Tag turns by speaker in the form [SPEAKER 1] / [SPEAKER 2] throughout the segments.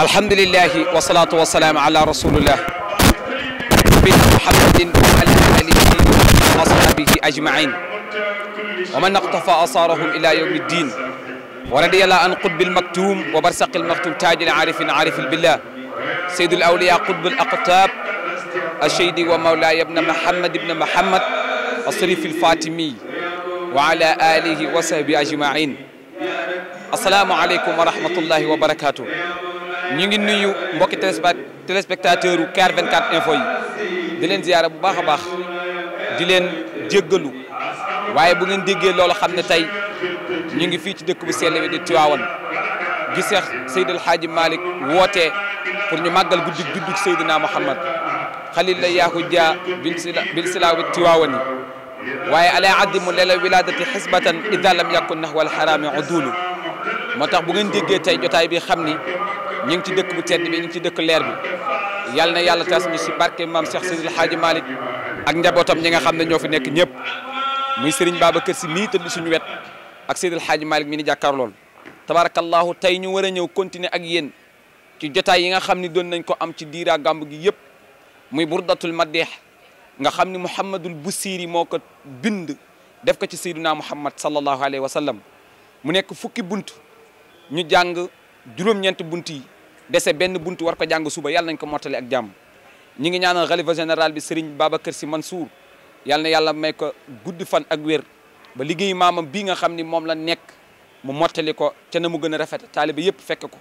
[SPEAKER 1] الحمد لله والصلاة والسلام على رسول الله بن محمد وعلى آله وصحبه أجمعين ومن اقتفى أصارهم إلى يوم الدين ورضي الله عن قطب المكتوم وبرسق المكتوم تاج عارف عارف بالله سيد الأولياء قطب الأقطاب الشيد ومولاي ابن محمد ابن محمد الصريف الفاتمي وعلى آله وصحبه أجمعين السلام عليكم ورحمة الله وبركاته ñu ngi nuyu mbokki téléspectateur u CAR 24 info yi di leen ziyaara bu baax a baax di leen jéggalu waaye bu ngeen déggee loolu xam ne tey ñu ngi fii ci dëkk bu sell bi di Tiwaawan gi Seex Seydil Xaaji Malick wootee pour ñu màggal guddi juddug Seydina Muhammad xalil la yaaku dia bil sila bil silaawi Tiwaawan yi waaye ala addimu lela wiladati xisbatan ida lam yakun naxwal xaraami udulu moo tax bu ngeen déggee tey jotaay bi xam ni ñu ngi ci dëkk bu tedd bi ñu ngi ci dëkk leer bi yàlla na yàlla tas ñu si barke maam Cheikh Seydil Hadji Malick ak njabootam ñi nga xam ne ñoo fi nekk ñëpp muy Serigne Babacar Sy mii tëdd suñu wet ak Seydil Hadji Malick mi ni jàkkaarlool tabarakallahu tey ñu war a ñëw continuer ak yéen ci jotaay yi nga xam ne doon nañ ko am ci diira gàmb gi yëpp muy burdatul madeex nga xam ne Mouhamadul Busiri moo ko bind def ko ci Seydina Muhammad sallallahu alayhi wa sallam mu nekk fukki bunt ñu jàng juróom-ñeent bunt yi dese benn buntu war ko jàng suba yàlla nañ ko mottali ak jàmm ñi ngi ñaanal xalifa général bi Serigne Babacar Sy Mansour yàlla na may ko gudd fan ak wér ba liggéeyu maamam bii nga xam ni moom la nekk mu mottali ko ca na mu gën a rafet taaliba yëpp fekk ko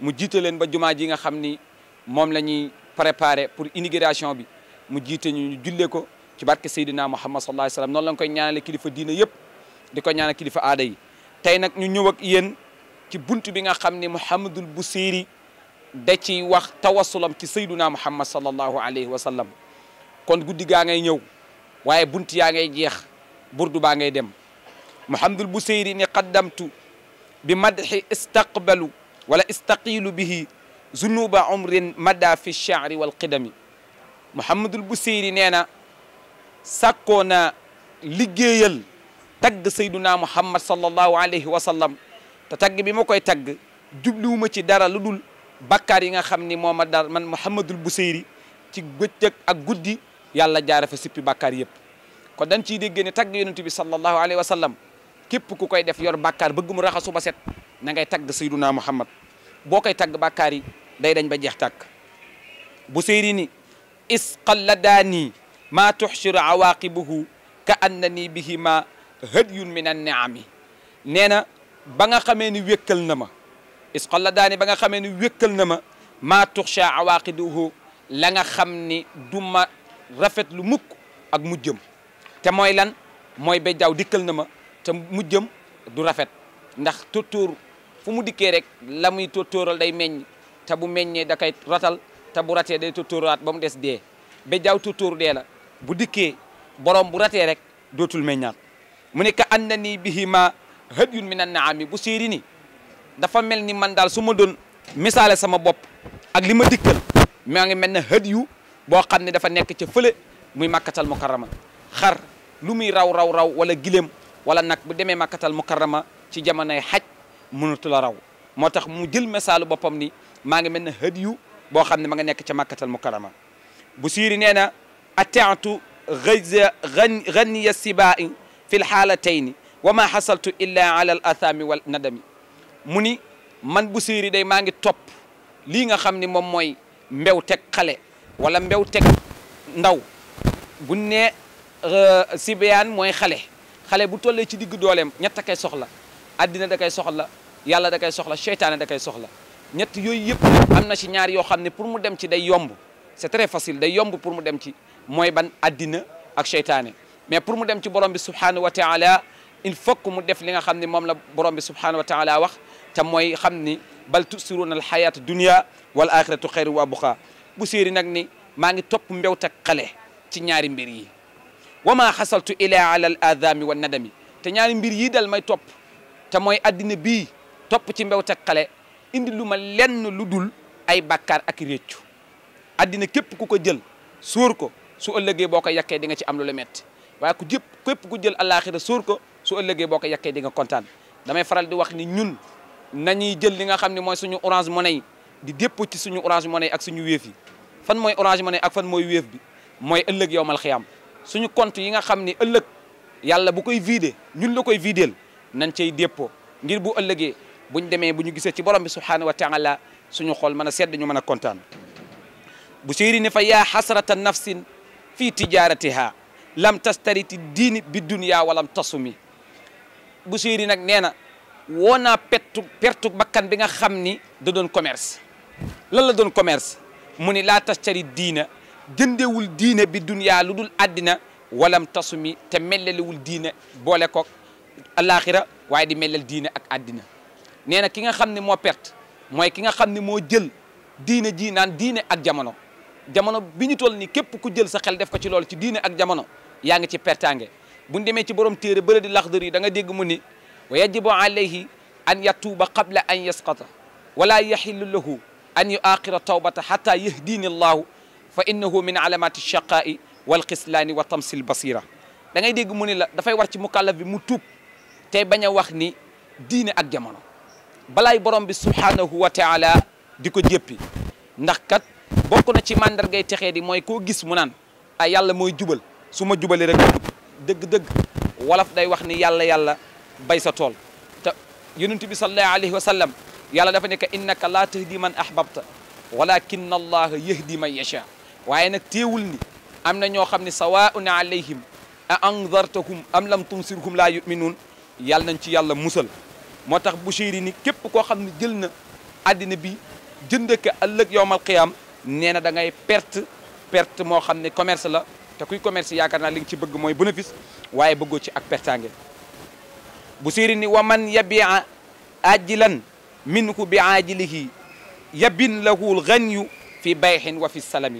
[SPEAKER 1] mu jiite leen ba jumaa ji nga xam ni moom la ñuy préparé pour inauguration bi mu jiite ñu ñu ko ci barke Seydina Muhammad sallallahu alayhi wa sallam noonu la ñu koy ñaanale kilifa diina yëpp di ko ñaanal kilifa aada yi bi nga xam ni Mouhamadul Busiri da ci wax tawasulam ci sayduna muhammad sallallahu alayhi wasallam sallam kon guddi gaa ngay ñëw waaye bunt yaa ngay jeex burdu baa ngay dem muhamdul buseyri ni qaddamtu bi madxi istaqbalu wala istaqilu bihi zunuba umrin mada fi shaari wal qidami muhammadul buseyri nee na sàkkoo na liggéeyal tagg sayduna muhammad sallallahu alayhi wasallam sallam te tagg bi ma koy tagg jubluwuma ci dara lu bakkar yi nga xamni moma dal man mohammedul Buseyri ci bëccëg ak guddii yàlla jaara fa sippi bakkar yëpp ko dañ ci déggé ni tagg yonent bi sallallahu alayhi wa sallam képp ku koy def yor bakkar bëgg mu raxasu ba set na ngay tagg sayyiduna Muhammad bokay koy bakkar yi day dañ ba jeex tàkk Buseyri ni isqalla daani maa tuxshiru awaaqibuhu ka annani hadyun minan niami neena ba nga xamé ni wékkal na ma اسقل داني بغا خامني ويكل نما ما تخشى عواقده لاغا خامني دوما رافيت لو موك اك موديوم تي موي لان موي بيداو ديكل نما تي موديوم دو رافيت نده توتور فمو ديكي ريك لامي توتورال داي ميغني تا بو ميغني داكاي راتال تا بو راتي داي توتورات بام ديس دي بيداو توتور دي لا بو ديكي بوروم بو راتي ريك دوتول ميغنات مونيكا انني بهما هدي من النعام بو dafa melni man dal suma don misale sama bop ak lima dikkel mi maa ngi mel ne hëd yu dafa nek ci fële muy màkkatal mukarrama xar lu muy raw raw raw wala gilem wala nak bu deme màkkatal mukarrama ci jamana xaj mënatu la raw motax mu jël misale bopam ni ma ngi melni hadyu bo xamni ma nga nek ci màkkatal mukarrama bu siri neena atta'tu atteatu gëja ganiya sibaa fi l xaalatayni wa ma xasaltu illa ala al muni man bu séeri day maa top li nga xamni mom moy mbew tek xale wala mbew tek ndaw bu ne sibian moy xale xale bu tollé ci digg dolem ñett a soxla adina da kay soxla yàlla da kay soxla sheytane da kay soxla ñett yoy yep amna ci ñaar yo xamni pour mu dem ci day yomb c'est très facile day yomb pour mu dem ci moy ban adina ak sheytane mais pour mu dem ci borom bi subhanahu wa taala il faut que mu def li nga xamni mom la borom bi subhanahu wa taala wax te mooy xam ni bal tusiruuna al xayaata dunia wal axiratu xayru wa buqa bu séeri nag ni maa ngi topp mbewta xale ci ñaari mbir yi wa ma xasaltu ila ala al adami wa nadami te ñaari mbir yii dal may topp te mooy addina bii topp ci mbewta xale indi lu ma lenn lu dul ay bàkkaar ak réccu addina képp ku ko jël sóor ko su ëllëgee boo ko yàkkee di nga ci am lu la metti waaye ku jëpp képp ku jël àllaaxira sóor ko su ëllëgee boo ko yàkkee di nga kontaan damay faral di wax ni ñun nañuy jël li nga xamni moy suñu orange money di dépp ci suñu orange money ak suñu wéef yi fan moy orange money ak fan moy wëf bi moy ëlëk yowmal xiyam suñu compte yi nga xamni ëlëk yàlla bu koy vidé ñun la koy videl nañ cey depp ngir bu ëlëgé buñ démé buñu gissé ci borom bi subhanahu wa taala suñu xol mëna sedd ñu mëna contane kontaan bu séeri ni fa ya hasrata nafsin fi tijaratiha lam tastariti diini bi dunya walam tasumi bu séeri nag nee na woo naa pettu pertu bakkan bi nga xam ni da doon commerce lan la doon commerce mu ni laa tashtari diina jëndewul diina bi duniyaa lu dul àddina walam tasumi te mellelewul diina boole ko alaxira waaye di mellel diina ak àddina nee na ki nga xam ne moo perte mooy ki nga xam ne moo jël diina jiinaan naan ak jamono jamono bi ñu toll ni képp ku jël sa xel def ko ci loolu ci diine ak jamono yaa ngi ci pertaange buñ demee ci borom téere bëri di laxdër yi da dégg mu ni ويجب عليه أن يتوب قبل أن يسقط ولا يحل له أن يؤخر التوبة حتى يهديني الله فإنه من علامات الشقاء والخسلان وطمس البصيرة da ngay dégg mu ne la dafay war ci mukallaf bi mu tuub tey bañ a wax ni diine ak jamono balaay borom bi subhanahu wa taala di ko jéppi ndax kat bokk na ci màndargay texee di mooy koo gis mu naan ay yàlla mooy jubal su ma jubalee rek dëgg-dëgg wolof day wax ni yàlla yàlla bay sa tool te yonent bi sallallahu alayhi wa sallam yàlla dafa nekk innaka laa tahdi man ahbabta walakin allah yahdi man yacha waaye nag téewul ni am na ñoo xam ne sawaun alayhim a anzartahum am lam tunsirhum laa yuminuun yàlla nañ ci yàlla musal moo tax Bushayri ni képp koo xam ne jël bi jënd ka ëllëg yowmal qiyaam da ngay perte perte moo xam commerce la te kuy commerce yaakaar li ci bëgg mooy bénéfice waaye bëggoo ci ak pertaange بصير إني ومن يبيع آجلا منه بعاجله يبين له الغني في بيع وفي السلم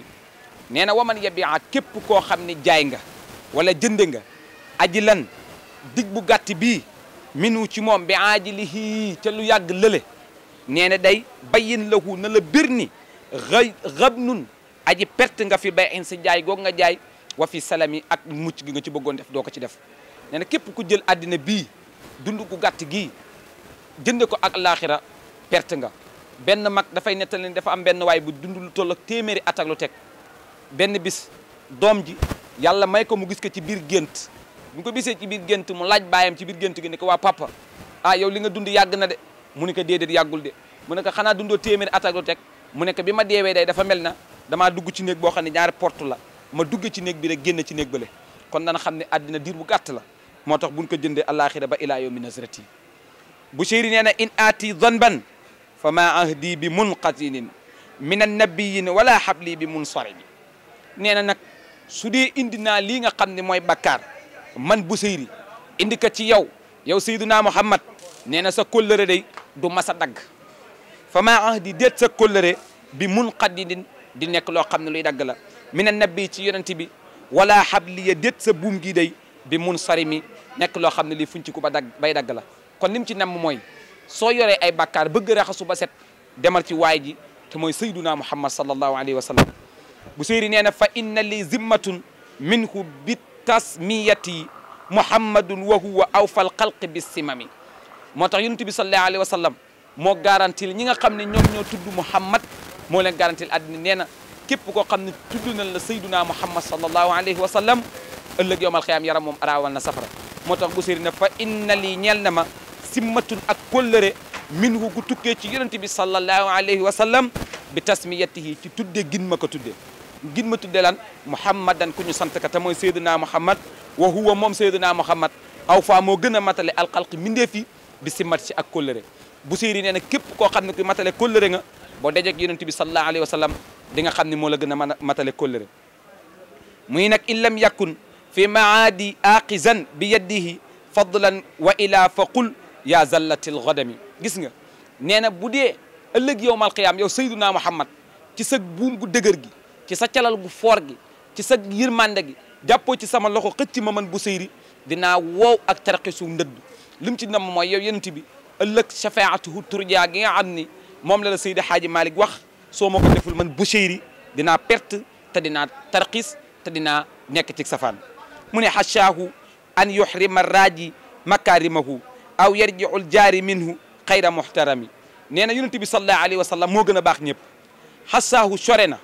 [SPEAKER 1] nee na waman yabia képp koo xam ne jaay nga wala jënd nga aji lan dig bu gàtt bii minu ci moom bi aajilihi ca lu yàgg lële nee na day bayin lahu na la bir ni xëy xëb nun aji perte nga fi bay in sa jaay goog nga jaay wa fi salami ak mucc gi nga ci bëggoon def doo ko ci def nee na képp ku jël àddina bii dund gu gàtt gii jënd ko ak laaxira perte nga benn mag dafay nettali ne dafa am benn waay bu dund lu toll ak téeméeri benn bis doom ji yàlla may ko mu gis ko ci biir gént bu ko gisee ci biir gént mu laaj baayam ci biir gent gi ne waa papa ah yow li nga dund yàgg na de mu ne ko déedéet yàggul de mu ne ko xanaa dundoo téeméeri at ak mu ne ko bi ma deewee day dafa mel na damaa dugg ci néeg boo xam ne ñaari port la ma dugg ci néeg bi rek génn ci néeg bële kon dana xam ne àddina diir bu gàtt la motax buñ ko jëndé al-akhirah ba ila yawmin nazrati bu sheri neena in ati dhanban fama ahdi bi munqatin min an-nabiyyin wala habli bi munsarib neena nak nag su dee nga xam moy mooy man bu sheri indi ka ci yow yow sayyiduna muhammad neena sa kolere day du massa dag fama ahdi det sa kolere bi munqatinin di nek lo xam luy dag la min an-nabiyyi ci yonenti bi wala xabliya déet sa buum gi day bi mun sari mi nekk loo xam ne lii fuñ ci ku ba dagg bay dagg la kon lim ci namm mooy soo yoree ay bakkaar bëgg raxasu ba set demal ci waay te mooy sayduna muhammad sallallahu alayhi wa bu seyri nee fa inna li zimmatun minhu bi tasmiyati muhammadun wa huwa awfal xalqi bi simami moo tax yonent bi sallallahu alayhi wa sallam moo garantil ñi nga xam ne ñoom ñoo tudd muhammad moo leen garantil àddina nee na képp koo xam ne na la sayduna muhammad sallallahu alayhi wa ëllëg yowmal xiyam yaram mom arawal na safara motax bu sirina fa inna li ñel na ma simmatun ak kolere min hu gu tukke ci yaronte bi sallallahu alayhi wa sallam bi tasmiyatihi ci tudde gin mako tudde gin ma tudde lan muhammadan ku ñu sant ka ta moy sayyidina muhammad wa huwa mom sayyidina muhammad aw fa mo gëna matale al alxalqi minde fi bi simmat ci ak kolere bu sirina nee kep ko xamne ku matale kolere nga bo dajje ak yaronte bi sallallahu alayhi wa sallam di nga xam mo la gëna matale kolere muy nak illam yakun في معادي آقزا بيده فضلا وإلى فقل يا زلة الغدم غيسغا نينا بودي ألق يوم القيامة يا سيدنا محمد كي سك بوم غو دغور غي كي سا تيالال غو فور غي كي سك يرماند غي جابو سي سما لوخو خيت ما من بو سيري دينا وو اك ترخيسو ند لم تي نام موي يا ينتي شفاعته ترجا عني موم لا حاج مالك واخ سو مكو ديفل من بو سيري بيرت تا دينا ترخيس تا سفان منح الشاه أن يحرم الراجي مكارمه أو يرجع الجار منه xayra muxtarami nee na yonent bi sallallahu alayhi wa sallam moo gën a baax ñëpp xasaahu sore na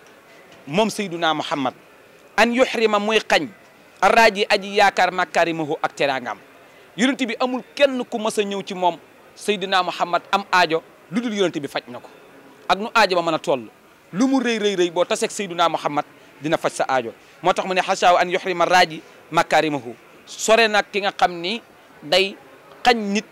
[SPEAKER 1] moom sayduna muhammad an yuxrima muy xañ araaji aji yaakaar makarimahu ak teraangam yonent bi amul kenn ku mas a ñëw ci moom sayduna muhammad am aajo lu dul yonent bi faj na ko ak nu aajo ba mën a toll lu mu rëy rëy rëy boo taseeg sayduna muhammad dina faj sa aajo moo tax mu ne xasaahu an yuxrima raaji makarimahu sore nag ki nga xam ni day xañ nit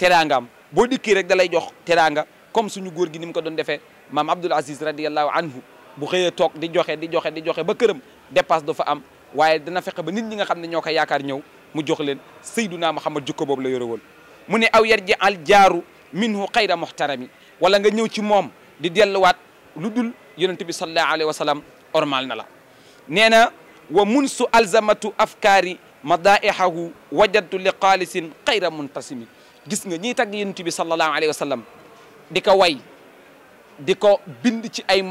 [SPEAKER 1] teraangaam boo dikkii rek da lay jox teraanga comme suñu góor gi ni mu ko doon defee maam Abdul Aziz radiallahu anhu bu xëyee toog di joxe di joxe di joxe ba këram dépasse du fa am waaye dana fexe ba nit ñi nga xam ne ñoo ko yaakaar ñëw mu jox leen seydu naa sayduna Muhammad jukko boobu la yore woon mu ne aw yarji al jaaru minhu xayra muhtarami wala nga ñëw ci moom di delluwaat lu dul yonent bi sallallahu alayhi wa sallam ormal na la ومنس ألزمت أفكاري مدائحه وجدت لقالس غير منتسم جس nga ñiy tagg صلى الله عليه وسلم ديكا واي di بند way di ko bind ci ay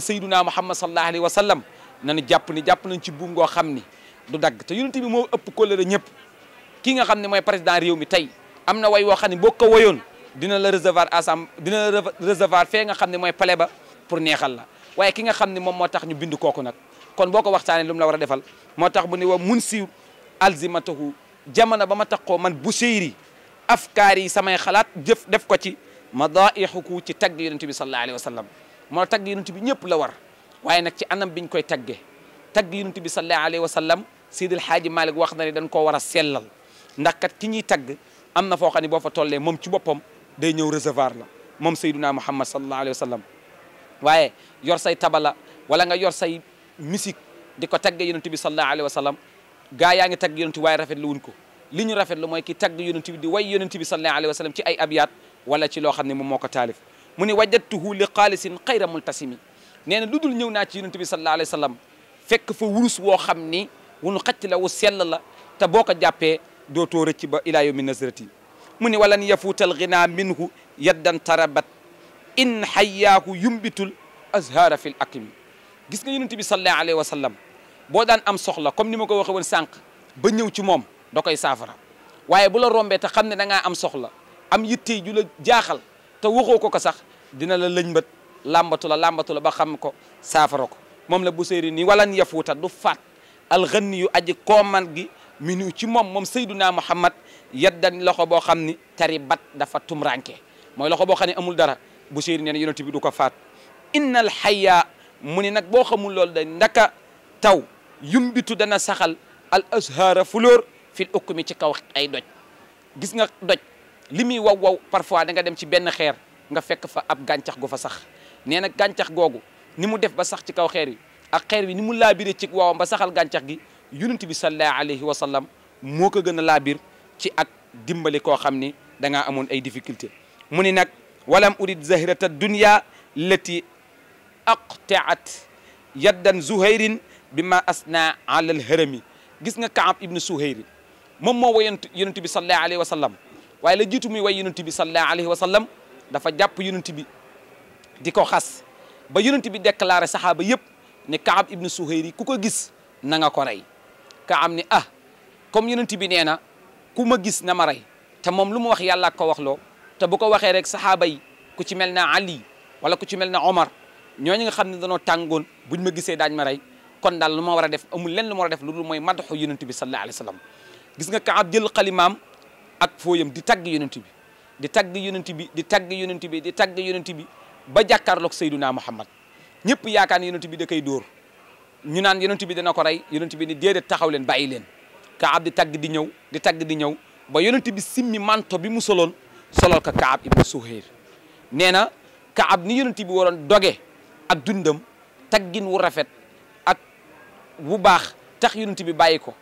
[SPEAKER 1] سيدنا محمد صلى الله عليه وسلم sallallahu جابني wa sallam nañu jàpp ni jàpp nañ ci buum ngoo xam ni du dagg te yonent bi moo ëpp kóllëre ñëpp ki président dina la réservoir asam dina la réservoir fe nga xamni moy mooy ba pour neexal la waye ki nga xamni mom moom tax ñu bind koku nak kon boko waxtane lum la wara defal motax bu ni wa munsi alzimatuhu jamana bama takko man busheyri afkaar samay khalat jëf def ko ci madaihuku ci tag yonent bi sallallahu alayhi wasallam mo tag tagg bi ñëpp la war waye nak ci anam biñ koy tagge tag yonent bi sallallahu alayhi wasallam sidil haji malik wax na ni dañ ko wara selal ndax kat ki ñi tag amna fo xani bo fa tolle mom ci boppam day ñëw reservoir la mom Seydina Muhammad sallallahu alayhi wasallam waye yor say tabala wala nga yor say misik di ko tagge yonent bi sallallahu alayhi wa sallam gaa yaa ngi tagg yonent waaye rafetlu wuñ ko li ñu rafetlu mooy ki tagg yonent bi di way yonent bi sallallahu alayhi wa ci ay abiyat wala ci loo xam ne moom moo ko wajadtuhu li xaalisin xayra multasimi nee na lu dul ñëw naa ci yonent bi sallallahu alayhi wa sallam fekk fa wurus woo xam ni wunu xacc la wu sell la te boo rëcc ba ilaa yawmi nazrati mu walan yafuutal ginaa minhu yaddan tarabat in xayyaahu yumbitul azhaara fil akmi gis nga yunus bi sallallahu alayhi wa sallam bo daan am soxla comme ni ma ko waxee woon sànq ba ñëw ci mom da koy saafara waaye bu la rombe te xamne da nga am soxla am yitte ju la jaaxal te waxo ko ko sax dina la leñ lëñbët làmbatu la làmbatu la ba xam ko safara ko mom la bu seyri ni walan yafuta du fat al ghani yu aji kooman gi minu ci mom mom sayyiduna muhammad yaddan loxo bo xamni tari bat dafa tumranke moy loxo bo xamni amul dara bu seyri ne na bi du ko fat innal hayya muni nak bo xamul lol day ndaka taw yumbitu dana saxal al azhar fulur fil ukmi ci kaw ay doj gis nga doj limi waw waw parfois da nga dem ci ben xeer nga fekk fa ab gantax gu fa sax neena gantax gogu ni mu def ba sax ci kaw xeer yi ak xeer bi ni mu ci waw ba saxal gantax gi yunus bi sallallahu alayhi wa sallam moko gëna labir a ci ak dimbali ko xamni da nga amone ay difficulté muni nak walam urid zahirata dunya lati aqtaat yaddan zuhayrin bi ma asna alal hërami gis nga kaab ibnu suhayrin moom moo way yonent bi sallallahu alayhi wa sallam waaye la jiitu muy way yonent bi sallallahu alayhi wa sallam dafa jàpp yonent bi di ko xas ba yonent bi déclaré saxaaba yëpp kaab ibnu suhayri ku gis na nga ko rey kaab ni ah comme yonent bi nee na ku ma gis na ma rey te moom lu mu wax yàlla ko waxloo te bu ko waxee rek saxaaba yi ku ci mel ali wala ku ci mel na omar ñooñu nga xam ne danoo tàngoon buñ ma gisee daañ ma rey kon daal lu ma war def amul lenn lu ma war a def loolu mooy madaxu yonent bi sallallahu alayhi wa gis nga Kaab jël xalimaam ak fooyam di tagg yonent bi di tagg yonent bi di tagg yonent bi di tagg yonent bi ba jàkkaarloog Seyduna Muhammad ñëpp yaakaar ne bi da koy dóor ñu naan yonent bi dana ko rey yonent bi ni déedéet taxaw leen bàyyi leen Kaab di tagg di ñëw di tagg di ñëw ba yonent bi simmi manto bi mu soloon solol ka Kaab ibnu Suhayr nee na Kaab ni yonent bi waroon doge ak dundam taggin wu rafet ak wu baax tax yonent bi bàyyi ko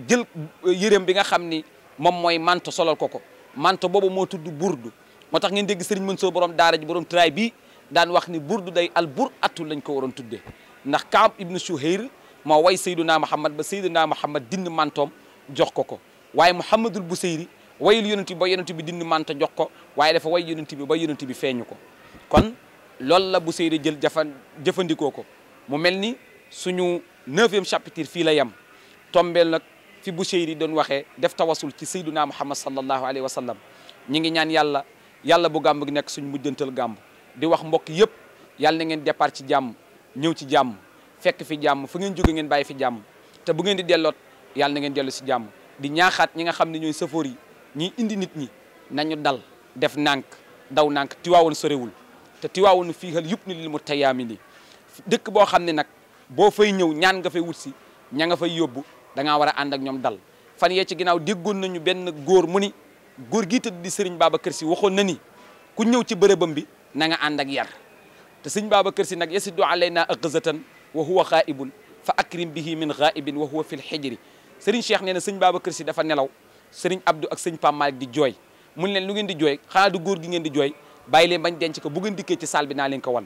[SPEAKER 1] jël euh, yëreem bi nga xam ni moom mooy manto solal ko ko manto boobu moo tudd burdu moo tax ngeen dégg sëriñ Mansour borom daara ji borom turaay bii daan wax ni burdu day al bur atul lañ ko waroon tuddee ndax Kaab ibnu Suhayr moo way Seydunaa Muhammad ba Seydunaa Muhammad dind mantoom jox ko ko waaye Muhammadul Busayri wayul yonent bi ba yonent bi dind manto jox ko waaye dafa way yonent bi ba yonent bi feeñu ko Lola la bu Seydi jël jafan jëfandikoo ko mu melni ni 9e chapitre fi la yam tombel nak fi bu don waxe def tawasul ci sayyiduna Muhammad sallallahu alaihi wasallam, nyengenyan ñi ngi ñaan yalla yalla bu gamb gi nek suñu mujjeentel gamb di wax mbokk jam, yalla na ngeen départ ci jamm ñew ci jamm fekk fi jamm fu ngeen jóge ngeen bàyyi fi jamm te bu ngeen di delot yalla na ngeen delu ci jamm di ñaaxaat ñi nga xamni ñoy indi nit ñi nañu dal def nank daw nank tiwaawul sorewul te Tiwaawoon fii xel yëpp ni li mu tayaamili dëkk boo xam ne nag boo fay ñëw ñaan nga fay wut si ña nga fay yóbbu da ngaa war a ànd ak ñoom dal fan yee ci ginnaaw déggoon nañu benn góor mu ni góor gii tëdd di sëriñ Babacar Sy waxoon na ni ku ñëw ci bërëbam bi na nga ànd ak yar te sëriñ Babacar Sy nag yasiddu alayna aqzatan wa huwa xaaibun fa akrim bihi min xaaibin wa huwa fil xijri sëriñ Cheikh ne na sëriñ Babacar Sy dafa nelaw sëriñ Abdou ak sëriñ Pape di jooy mun leen lu ngeen di jooy xanaa góor gi ngeen di jooy bàyyi leen bañ denc ko bu ngeen dikkee ci salle bi naa leen ko wan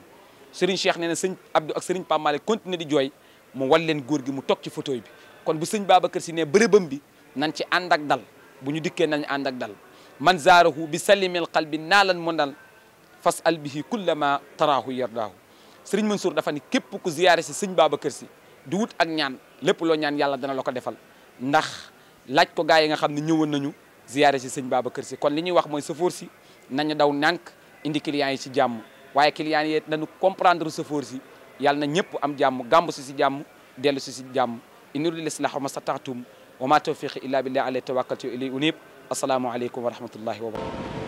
[SPEAKER 1] Serigne Cheikh nee na sëñ Abdou ak Serigne Pape Malick continué di jooy mu wan leen góor gi mu toog ci fauteuil bi kon bu sëñ Babacar Sy ne bërëbam bi nañ ci ànd ak dal bu ñu dikkee nañ ànd ak dal man zaarahu bi salimil qalbi naalan mu dal fas al bihi kullama taraahu yardaahu Serigne Mansour dafa ni képp ku ziyaare si sëñ Babacar Sy di wut ak ñaan lépp loo ñaan yàlla dana la ko defal ndax laaj ko gaa yi nga xam ne ñëwoon nañu ziyaare si sëñ Babacar Sy kon li ñuy wax mooy sa force si nañu daw nànk indi clients yi si jàmm waaye clients yi nañu comprendre chauffeur si yàlla na ñëpp am jàmm gàmb si si jàmm dellu si si jàmm in uriidu illal islaaha ma stata'tu wa ma tawfiiqi illaa billaah alayhi tawakkaltu wa ilayhi uniib assalaamu aleykum wa rahmatullahi wa barakaatuh